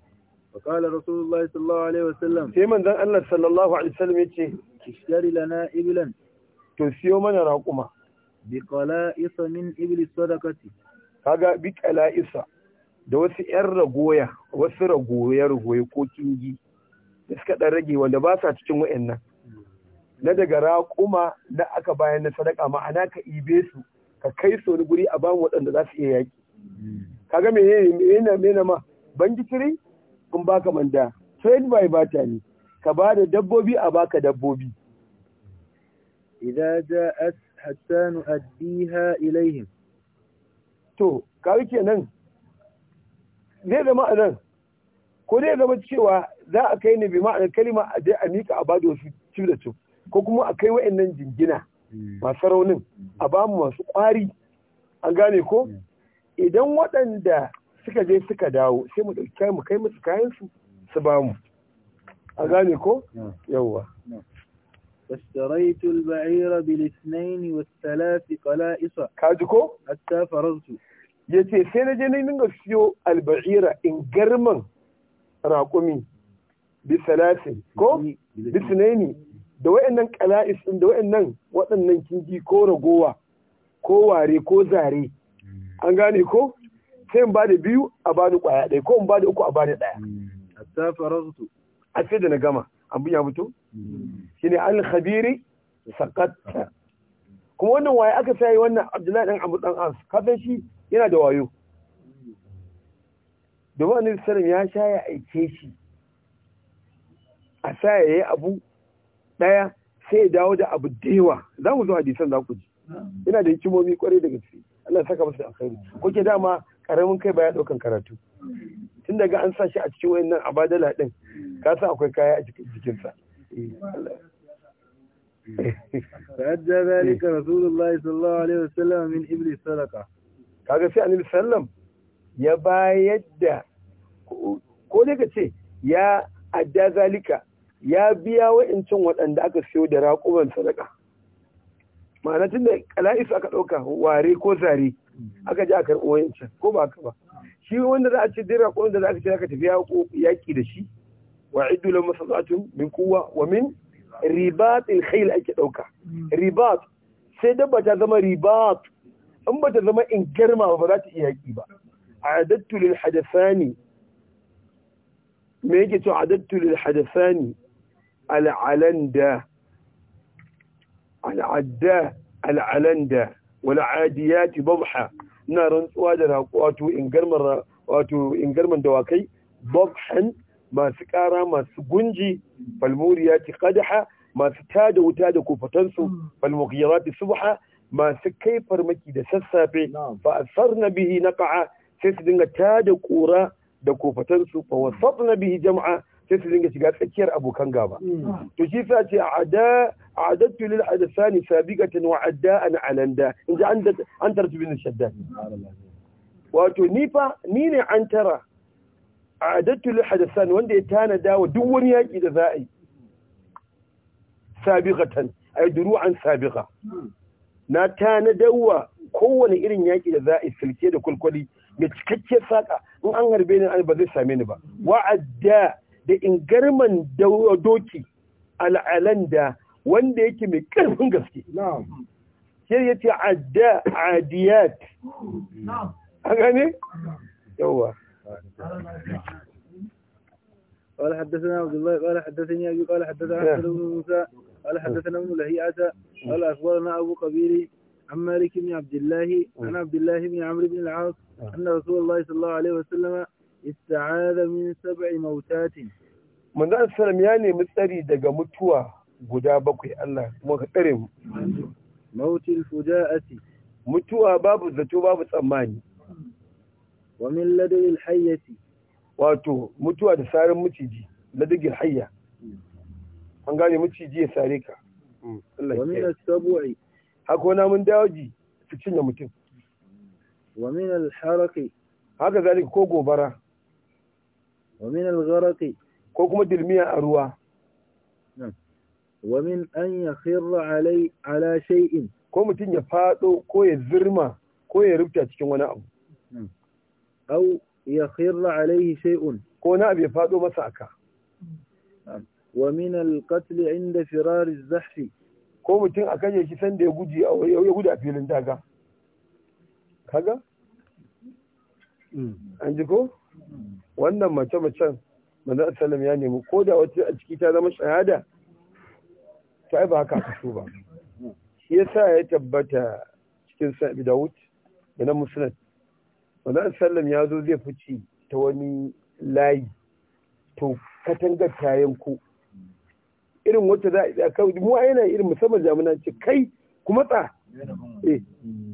wa qala rasulullahi sallallahu alaihi sallam sai manzon Allah sallallahu alaihi wasallam yace ishtari lana iblan to siyo mana raƙuma bi qala'isa min iblis sadaqati kaga bi qala'isa da wasu 'yan ragoya wasu ragoya ragoya ko kingi da suka ɗan rage wanda ba sa cikin wa'annan na daga raƙuma da aka bayan na sadaka ma'ana ka ibe su ka kai su wani guri a ba waɗanda za su iya yaƙi kaga me yana mena ma kiri kun baka manda trade by bata ne ka ba da dabbobi a baka dabbobi idza ja'at hatta nu'addiha ilaihim to kawai kenan zai zama a nan ko dai zama cewa za a kai ne bi ma'anar kalima a je a mika a bada wasu cif da cif ko kuma a kai wa'annan jingina hmm. masu raunin a ba mu masu ƙwari an gane ko hmm. idan waɗanda suka je suka dawo sai mu ɗauki mu kai musu kayan su su ba mu a hmm. gane ko yawwa واشتريت البعير بالاثنين والثلاث قلائص كاجكو حتى فرغت yace sai na je na dinga siyo al-ba'ira in garman raƙumi bisalasin ko bisnaini da wa'annan ƙala'is ɗin da wa'annan waɗannan kingi ko ragowa ko ware ko zare hmm. an gane ko sai in bada biyu a bani ƙwaya ɗaya ko in bada uku a bani ɗaya A hmm. hatta faraghtu a sai da na gama abin ya fito hmm. shine an khabiri sakatta kuma wannan waye aka sayi wannan Abdullahi dan Abu dan As ka san shi yana da wayo domin annabi sallam ya sha ya aike shi a sa ya yi abu ɗaya sai ya dawo da abu da yawa za mu zo hadisan za ku ji Ina da hikimomi kwarai da gaske Allah saka masa alkhairi ko ke dama karamin kai baya daukan karatu tun daga an sa shi a cikin wayannan abadala din ka sa akwai kaya a cikin sa فأدى ذلك رسول الله صلى الله عليه وسلم من إبل السلقة sai annabi sallam ya bayar da ko dai ka ce ya adda zalika ya biya wa'incin waɗanda aka siyo da raƙuban sadaka ma'ana tun da kala'is aka ɗauka ware ko zare aka ji a karɓi wa'incin ko ba ka ba shi wanda za a ce dai raƙuban da za a ce za tafi yaƙi da shi wa iddu lam masatun min kuwa wa min ribat al ake ɗauka ribat sai dabba ta zama ribat in ba ta zama in girma ba za ta iya yaƙi ba a'adattu lil hadathani ما يجي تعددت للحدفان على علندا على عدا على علندا ولا عاديات بضحة نار وادرها واتو إن واتو إن دواكي بضحا ما سكارا ما سقنجي فالموريات قدحة ما ستاد وتاد كوفتنسو فالمغيرات سبحة ما سكيفر مكيدة سسابي فأثرنا به نقع سيسدنغ تاد كورا da kofatansu fa wasatna bihi jam'a sai su dinga shiga tsakiyar abokan gaba to shi sa ce a adadtu lil adasani sabiqatan wa adda'an alanda inji an an tartu bin shaddad wato ni fa ni ne an tara adadtu lil adasani wanda ya tanada wa duk wani yaki da za a yi sabiqatan ay duru'an sabiqa na ta na dawa kowane irin yaƙi da za a silke da kulkwali da cikakkiyar saƙa in an harbe ni ba zai same ni ba wa'adda da ingarman doki al'alan da wanda yake mai ƙarfin gaske sai ya ce adda adiyat a gane yawa قال حدثنا عبد الله قال حدثني ابي قال حدثنا عبد بن موسى قال حدثنا ابن لهيئة قال اخبرنا ابو قبيل عن مالك بن عبد الله عن عبد الله بن عمرو بن العاص ان رسول الله صلى الله عليه وسلم استعاذ من سبع موتات من ذا السلام يعني مستري دقا متوى غدا بكوي الله kuma ka tsare mu mautil fujaati mutuwa babu zato babu tsammani wa min ladil hayyati wato mutuwa da an gane maciji ya sare ka mm. wa min as haka wani mun dawaji su cinye mutum wa al haraki haka zalika ko gobara wa al-gharaqi ko kuma dirmiya a ruwa wa min an khirra alai ala shay'in ko mutum ya fado ko ya zirma ko ya rubuta cikin wani abu au ya khirra alai shay'un ko na abu ya fado masa aka wa min al-qatl inda firar az-zahf ko mutum a kaje shi sanda ya guji a ya a filin daga kaga mm. an ji ko wannan mace macen manzo sallam ya nemi ko da wace a ciki ta zama shahada ta ba haka ka so ba shi yasa ya tabbata cikin sa'ib Dawud da na musnad manzo sallam ya zo zai fici ta wani layi to katangar ta yanko irin wacce za a kan mu yana irin musamman jamuna ce kai kuma tsa eh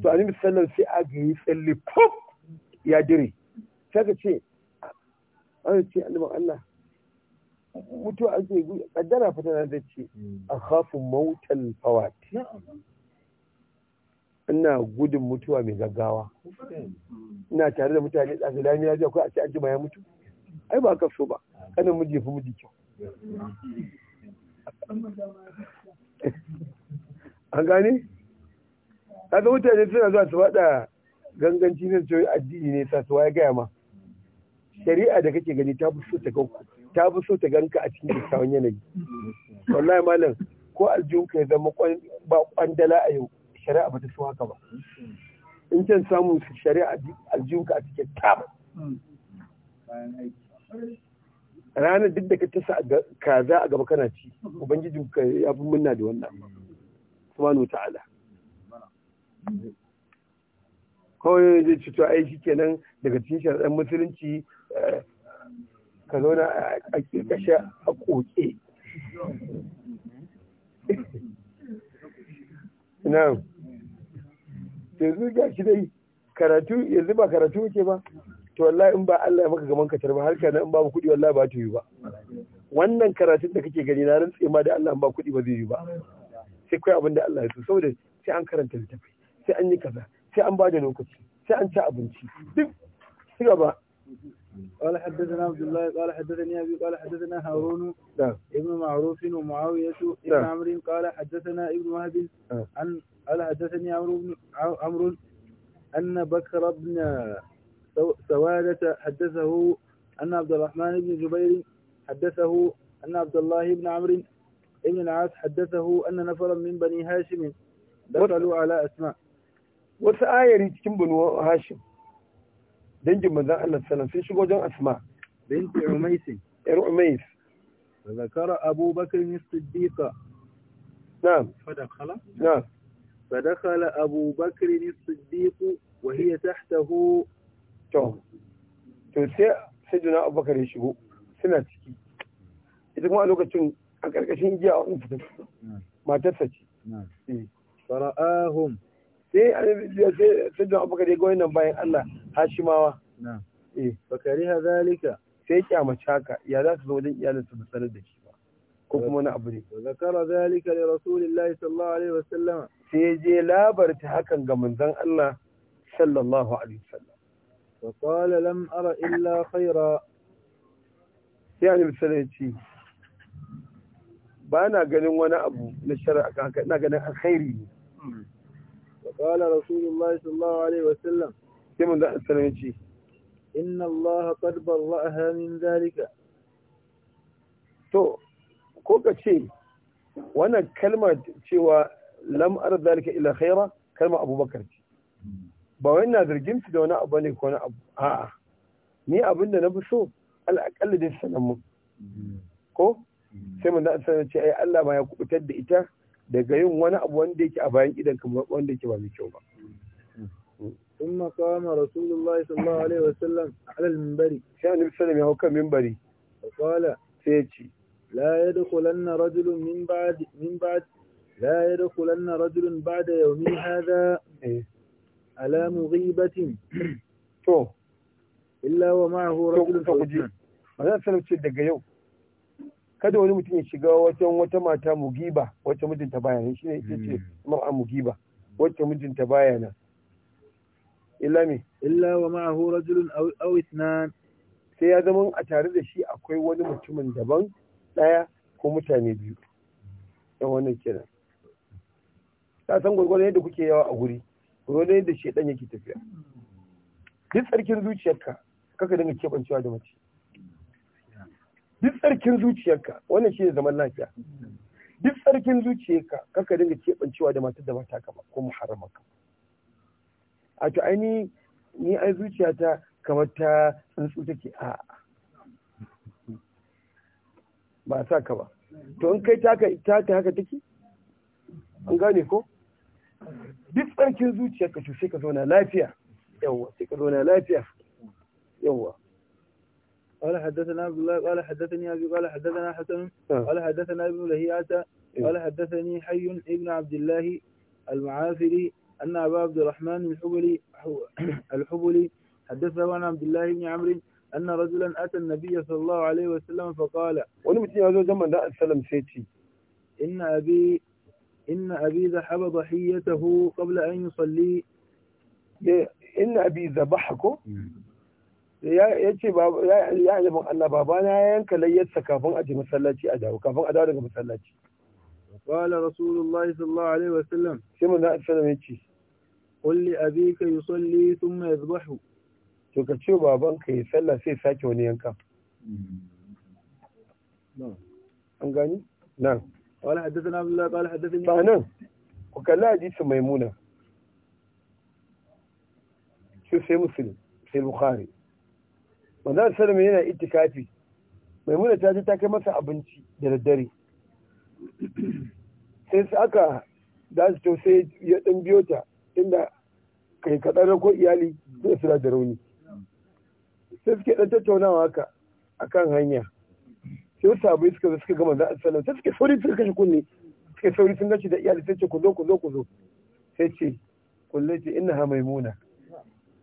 to annabi sallallahu sai a ga yi tsalle pop ya dire sai ka ce an ce annabin Allah mutuwa an ce kaddara fa tana da ce hmm. a khafu mautal fawat ina gudun mutuwa mai gaggawa ina tare da mutane da lami ya ji akwai a ce an ji ya mutu ai ba ka so ba kanin miji fi miji kyau an gane kaga mutane suna zuwa su faɗa ganganci na cewa addini ne sa su waye gaya ma shari'a da kake gani ta fi so ta ganku ta fi so ta ganka a cikin kyakkyawan yanayi wallahi malam ko aljihun ka ya zama ba kwandala a yau shari'a ba ta so haka ba in can samun shari'a aljihun ka a cikin tab ranar duk da ka tasa kaza a gaba kana ci ubangiji ka ya fi munna da wannan subhanahu ta'ala kawai zai ci to ai kenan daga cikin sharaɗan musulunci eh, ka zauna a kashe a koke na yanzu ga shi dai karatu yanzu ba karatu muke ba to wallahi in ba Allah ya maka gaman katar ba har kana in babu kuɗi wallahi ba ta yi ba wannan karatun da kake gani na rantse ma da Allah in ba kuɗi ba zai yi ba sai kai abin da Allah ya so saboda sai an karanta littafi sai an yi kaza sai an ba da lokaci sai an ci abinci duk ci gaba قال حدثنا عبد الله قال حدثني ابي قال حدثنا هارون ابن معروف ومعاويه ابن عمرو قال حدثنا ابن وهب عن قال حدثني عمرو عمرو ان بكر بن سوادة حدثه أن عبد الرحمن بن جبير حدثه أن عبد الله بن عمرو بن العاص حدثه أن نفرا من بني هاشم دخلوا على أسماء وسا آية كم بنو هاشم دنج مذا أن السلام في شو جن أسماء بنت عميس عميس فذكر أبو بكر الصديق نعم فدخل نعم فدخل أبو بكر الصديق وهي تحته to to sai sai juna abubakar ya shigo suna ciki ita kuma a lokacin a ƙarƙashin giya a wani fitar matarsa ce fara'ahum sai sai juna abubakar ya ga wannan bayan Allah hashimawa eh bakari ha zalika sai kyamace haka ya za su zo wajen iyalinsa ba sanar da shi ko kuma wani abu ne zakara zalika li rasulillahi sallallahu alaihi wasallam sai je labarta hakan ga manzon Allah sallallahu alaihi sallam. فقال لم أرى إلا خيرا يعني بسليتي بانا قلن وانا أبو للشرع كنا قلن الخيري فقال رسول الله صلى الله عليه وسلم كما دعا السلامتي إن الله قد برأها من ذلك تو كوكا تشي وانا كلمة تشي ولم أرى ذلك إلا خيرا كلمة أبو بكر ba wai na zargin su da wani abu ne ko wani abu a'a ni abin da na fi so al'aƙalla dai sanan mun ko sai mun da sanar ce ai Allah ma ya kubutar da ita daga yin wani abu wanda yake a bayan idan kamar wanda yake ba mai kyau ba ثم قام رسول الله صلى الله عليه وسلم على المنبر كان النبي صلى الله عليه وسلم منبري فقال سيتي لا يدخلن رجل من بعد من بعد لا يدخلن رجل بعد يومي هذا إيه؟ ala mughibatin to illa wa ma'ahu rajulun fawjan manzon sallam ce daga yau kada wani mutum ya shiga wajen wata mata mugiba wata mijinta baya nan shine ita ce mar'a mugiba wata mijinta baya nan illa me illa wa ma'ahu rajulun aw aw ithnan sai ya zama a tare da shi akwai wani mutumin daban daya ko mutane biyu dan wannan kenan ta san gurgurar yadda kuke yawa a guri gwargwadon yadda ɗan yake tafiya duk tsarkin zuciyarka kaka dinga keɓancewa da mace duk tsarkin zuciyarka wannan shi ne zaman lafiya duk tsarkin zuciyarka kaka dinga keɓancewa da matar da ba ta kama ko ka a to ai ni ai zuciyata kamar ta tsuntsu take a ba sa ka ba to in kai taka ta haka take an gane ko duk tsarkin sai ka zauna lafiya yawa sai ka zauna lafiya yawa قال حدثنا عبد الله قال حدثني ابي قال حدثنا حسن آه. قال حدثنا ابن لهيعه إيه. قال حدثني حي ابن عبد الله المعافري ان ابا عبد الرحمن الحبلي الحبلي حدثه عن عبد الله بن عمرو أن رجلا أتى النبي صلى الله عليه وسلم فقال ولم هذا زمن لا السلام سيتي إن أبي إن أبي ذبح ضحيته قبل أن يصلي إن أبي ذبحكم ya ce ya annabin Allah babana ya yanka layyarsa kafin aje masallaci a dawo kafin a dawo daga masallaci qala rasulullahi sallallahu alaihi wasallam sai mun da sallam yace qul li abika yusalli thumma yadhbahu to ka ce babanka ya sallah sai sake wani yanka an gani na'am قال حدثنا عبد a قال حدثني ba nan ku sai muslim sai bukhari manzo sallama yana itikafi maimuna ta je ta kai masa abinci da daddare sai su aka da su sai ya dan biyo ta inda kai kaɗan ko iyali zai suna da rauni sai suke ɗan tattaunawa haka akan hanya sai wasu abu suka zo suka gama za a sallam sai suke sauri suka kashe kunne suke sauri sun gaci da iyali sai ce ku zo ku zo ku zo sai ce kullum ce inna maimuna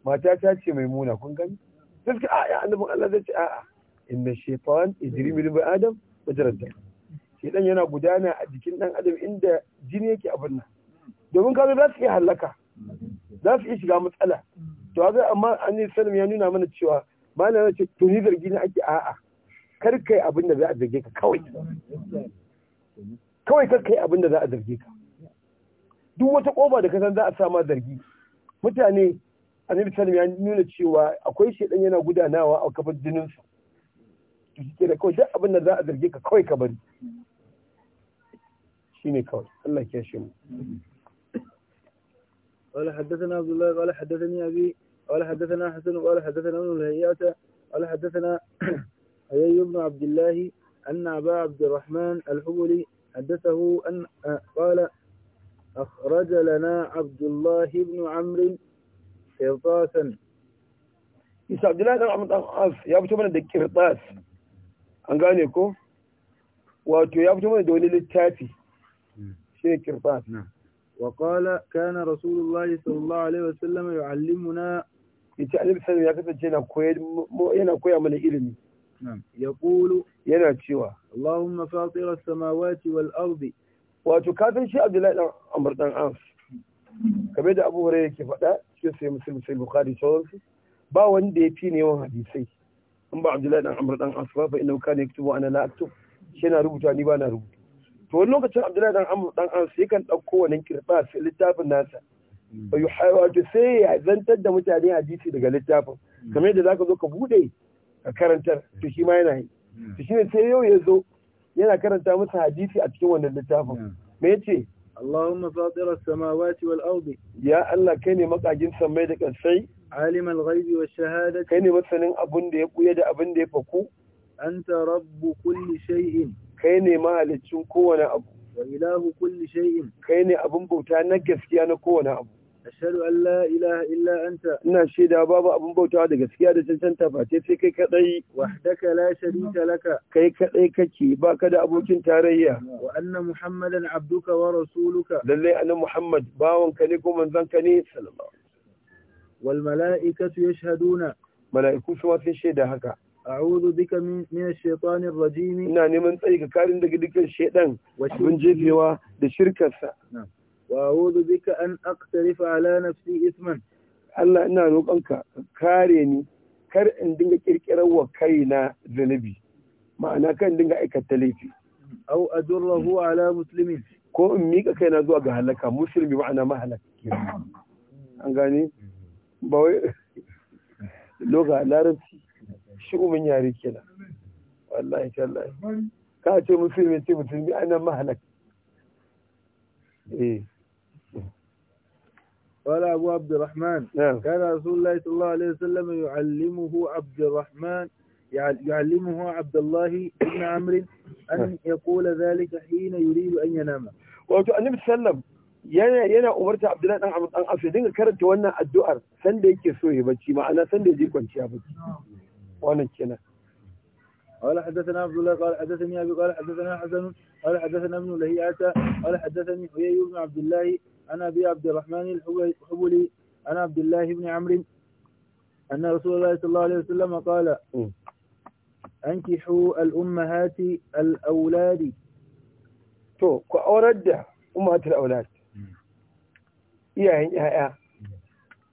mata ta ce maimuna kun gani sai suke a'a annabin Allah zai ce a'a inna shaytan ijrimu bi adam wajarar da dan yana gudana a jikin dan adam inda jini yake abin nan domin kazo za su iya halaka za su iya shiga matsala to haka amma an yi ya nuna mana cewa malama ce to ni zargi ne ake a'a kar abin da za a zarge ka kawai kawai kar abin da za a zarge ka duk wata kofa da ka san za a sama zargi mutane annabi sallam ya nuna cewa akwai shaidan yana gudanawa a kafar jinin su to shi da kawai duk abin da za a zarge ka kawai ka bari Shi ne kawai Allah ke shi mu قال حدثنا عبد الله قال حدثني ابي قال حدثنا حسن قال حدثنا ابن الهيئه قال حدثنا أيي بن عبد الله أن أبا عبد الرحمن الحبلي حدثه أن قال أخرج لنا عبد الله بن عمرو قرطاسا Isa Abdullahi dan Ahmad As ya fito an gane ko wato ya fito mana da wani littafi shi ne kirtas wa qala kana rasulullah sallallahu alaihi wasallam yu'allimuna yace annabi ya kasance yana koya mana ilimi yaqulu yana cewa Allahumma fatir as wato ka shi Abdullahi dan Amr dan As kabe da Abu Hurairah yake faɗa cikin sai Muslim sai Bukhari sauransu ba wanda ya fi neman hadisai in ba Abdullahi dan Amr dan As ba fa inna kana yaktubu ana la aktub na rubuta ni ba na rubuta to wani lokacin Abdullahi dan Amr dan As yakan ɗauko wannan kirba sai littafin nasa hmm. wato sai ya zantar da mutane hadisi daga littafin hmm. kamar yadda zaka zo ka buɗe? A karantar to shi ma yana yi to ne sai yau ya zo yana karanta musu hadisi a cikin wannan littafin me ce? Allahumma fatira samawati wal ardi ya Allah kai ne makagin samai da kansai alim al ghaibi wash shahada kai ne masanin abun da ya kuya da abun da ya faku anta rabbu kulli shay'in kai ne mahalicin kowane abu wa ilahu kulli shay'in kai ne abun bauta na gaskiya na kowane abu ashhadu an la ilaha ina shaida babu abun bauta da gaskiya da cancanta face sai kai kadai wahdaka la sharika laka kai kadai kake baka da abokin tarayya wa anna muhammadan abduka wa rasuluka lalle annabi muhammad bawanka ne ko manzanka ne sallallahu wal mala'ikatu yashhaduna mala'iku su ma sun shaida haka أعوذ بك من من الشيطان الرجيم نعم من طريق كارن دقيقة الشيطان ومن جيبي ودشركة نعم وأعوذ بك أن أقترف على نفسي إثما Allah ina نوقنك كاريني kare ni kar in dinga ذنبي wa kaina zanabi ma'ana kan dinga aikata laifi au ajurrahu ala ko in mika kaina zuwa ga halaka musulmi ma'ana mahalaka an gane ba wai loga larabci shi umin yare kenan wallahi ka ce musulmi ce ana mahalaka قال أبو عبد الرحمن نعم. كان رسول الله صلى الله عليه وسلم يعلمه عبد الرحمن يعلمه عبد الله عمرو أن يقول ذلك حين يريد أن ينام sallam yana yana umarta abdullahi dan amr dan dinga karanta wannan addu'ar sanda yake so ya bacci ma'ana sanda yake kwanciya bacci wannan kenan قال حدثنا عبد الله قال حدثني أبي قال حدثنا حسن قال حدثنا ابن لهيعة قال حدثني حيي بن عبد الله أنا أبي عبد الرحمن الحبلي أنا عبد الله بن عمرو أن رسول الله صلى الله عليه وسلم قال أنكحوا الأمهات الأولاد تو كأورد أمهات الأولاد يعني يا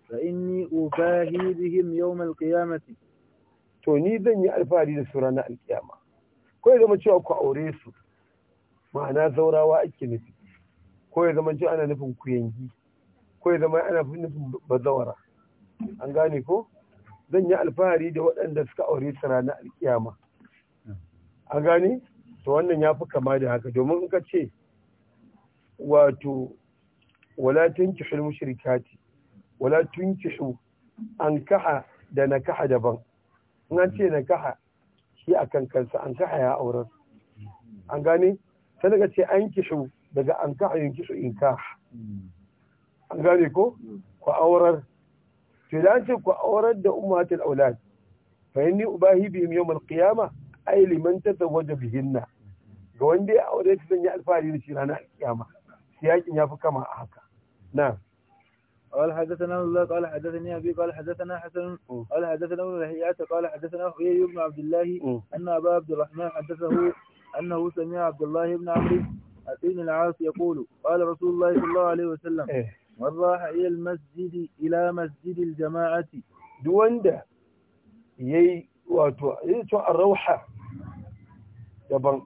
فإني أباهي بهم يوم القيامة to ni zan yi alfahari da su ranar alkiyama ko ya zama cewa ku aure su ma'ana zaurawa ake nufi ko ya zama cewa ana nufin kuyangi ko ya zama ana nufin bazawara an gane ko zan yi alfahari da waɗanda suka aure su ranar alkiyama an gane to wannan ya fi kama da haka domin in ka ce wato wala tunkihu mushrikati wala tunkihu an kaha da nakaha daban na ce na kaha shi a kan kansa an kaha ya aurar an gane sai daga ce an kishu daga an kaha yin kishu in kaha an gane ko ku aurar sai da ce ku aurar da ummatul aulad fa inni ubahi bihim yawm al-qiyamah ay liman wajen bihinna ga wanda ya aure ta zan yi alfahari da shi ranar kiyama siyakin ya fi kama a haka na. قال حدثنا الله قال حدثني أبي قال حدثنا حسن قال حدثنا ابن لهيعة قال حدثنا حيي بن عبد الله أن أبا عبد الرحمن حدثه أنه سمع عبد الله بن عمرو بن العاص يقول قال رسول الله صلى الله عليه وسلم من راح إلى المسجد إلى مسجد الجماعة دواندا يي wato yin cin arauha daban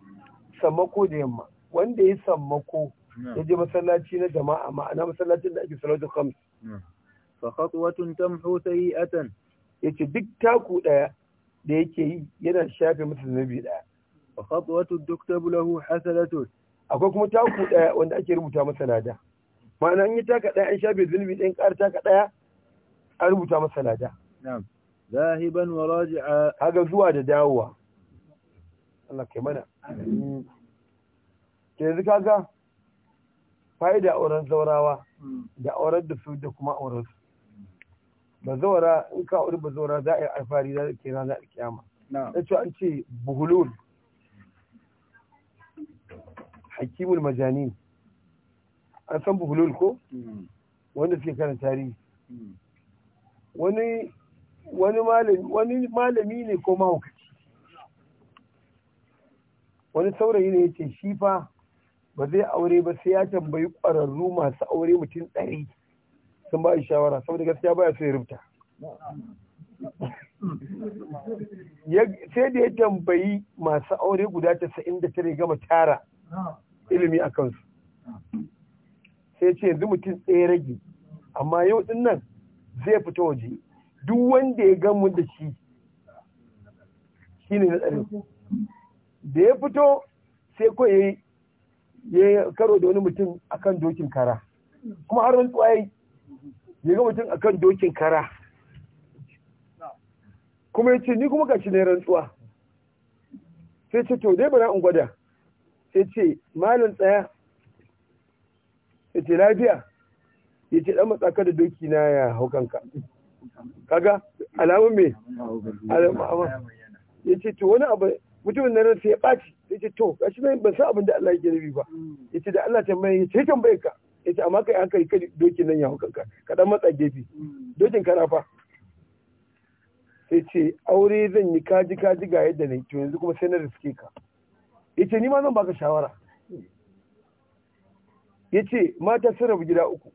sammako da yamma wanda ya sammako ya je masallaci na jama'a ma'ana masallacin da ake salatul khams Hmm. fa khatwatun tamhu sayi'atan yace duk taku daya da yake yi yana shafe masa zunubi daya fa khatwatu duktabu lahu hasanatun akwai kuma taku daya wanda ake rubuta masa lada ma'ana an yi taka daya an shafe zunubi ɗin ƙar taka daya an rubuta masa lada na'am zahiban wa raji'a haga zuwa da dawowa Allah kai mana ke yanzu kaga fa'ida auren zaurawa hmm. da auren da su da kuma auren su ba zaura in ka auri ba zaura za a yi alfahari za ke za a kiyama na ce an ce buhulul hakimul majani an san buhulul ko hmm. wanda suke karanta tarihi hmm. wani wani malami ne ko mahaukaci wani saurayi ne ya ce shi fa ba zai aure ba sai ya tambayi ƙwararru masu aure mutum ɗari sun ba shawara saboda gaskiya baya so ya rubuta sai da ya tambayi masu aure guda casa'in da tare gama tara ilimi a kansu sai ce yanzu mutum ɗaya rage amma yau ɗin nan zai fita waje duk wanda ya gamu da shi shi na tsare da ya fito sai ko ya ya karo da wani mutum akan dokin kara kuma har rantsuwa ya yi ga mutum akan dokin kara kuma ya ce ni kuma gashi ne rantsuwa sai ce to dai bana in gwada sai ce malin tsaya ya ce lafiya ya ce dan matsaka da doki na ya hau kanka kaga alamun me alamun ya ce to wani abu mutumin nan sai ya ɓaci ya ce to gashi nan ban san abin da Allah yake nabi ba yace da Allah mai ya ce tambaye ka yace amma kai an kai dokin nan ya hau kanka ka dan matsa gefe dokin kana fa sai ce aure zan yi kaji kaji ga yadda ne to yanzu kuma sai na riske ka yace ni ma zan baka shawara yace mata sun rabu gida uku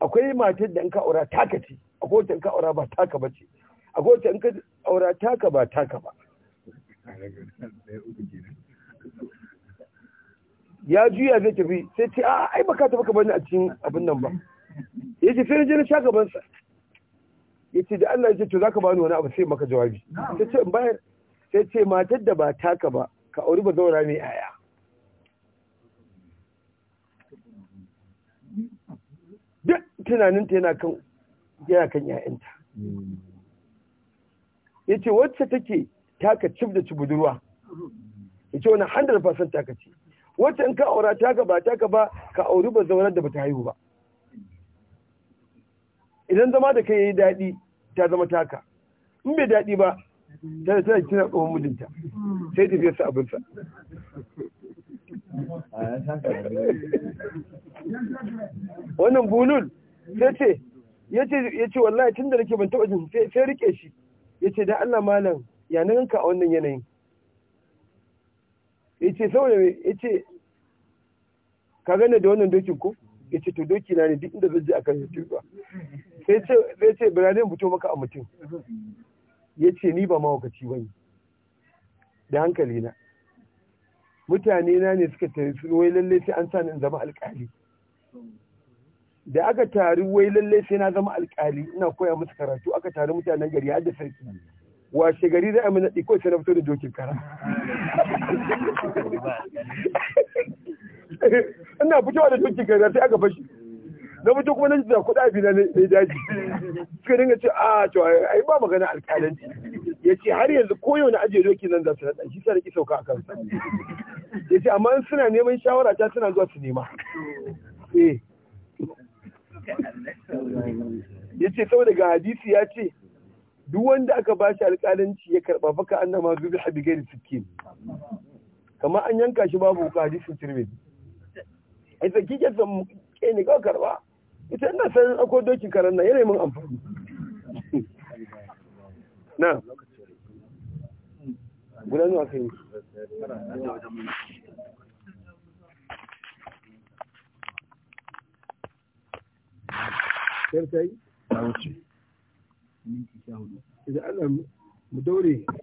akwai matar da in ka aura taka ce akwai wacce in ka aura ba taka ba ce akwai wacce in ka aura taka ba taka ba ya juya zai tafi sai ce a ai baka tafi kamar a cikin abin nan ba ya ce sai je na sha gaban sa ya ce da Allah ya ce to zaka bani wani abu sai maka jawabi sai ce bayar sai ce matar da ba taka ba ka auri ba zaura ne yaya duk tunaninta yana kan yana kan yayanta hmm. ya ce wacce take taka cif da ci budurwa wani wannan 100% taka ci wata in ka aura taka ba taka ba ka auri ba zaunar da bata haihu ba idan zama da kai ya yi daɗi ta zama taka in bai daɗi ba tana tana cina tsohon mijinta sai ta sa abinsa wannan bulul sai ce ya ce wallahi tun da nake ban taɓa jin sai rike shi ya ce da Allah malam ya na a wannan yanayin ya ce saboda mai ya ce ka gane da wannan dokin ko ya ce to doki na ne duk inda zai je a kan ya ba sai ce birane mutum maka a mutum ya ce ni ba mawakaci ba ne da hankali na mutane na ne suka tare su wai lalle sai an sani in zama alkali da aka taru wai lalle sai na zama alkali ina koya musu karatu aka taru mutanen gari har da sarki washe gari da amina iko sai na fito da dokin kara ina fitowa da dokin kara sai aka fashi na fito kuma na da kuɗa abina na daji suka dinga ce a ah, to ai ba magana alƙalanci ya ce har yanzu koyo na ajiye doki nan za su naɗa shi sa ki sauka a kansa ya ce amma suna neman shawara ta suna zuwa su nema eh. ya ce saboda ga hadisi ya ce duk wanda aka ba shi alƙalanci ya karɓa faka an nama zubi habigai da suke kamar an yanka shi babu ka hadisu tirmidhi a ita kike san ke ne kawai karɓa ita ina san akwai dokin karan yana yanayi mun amfani [laughs] na guda zuwa kai Thank you. minti sha hudu. Idan Allah mu daure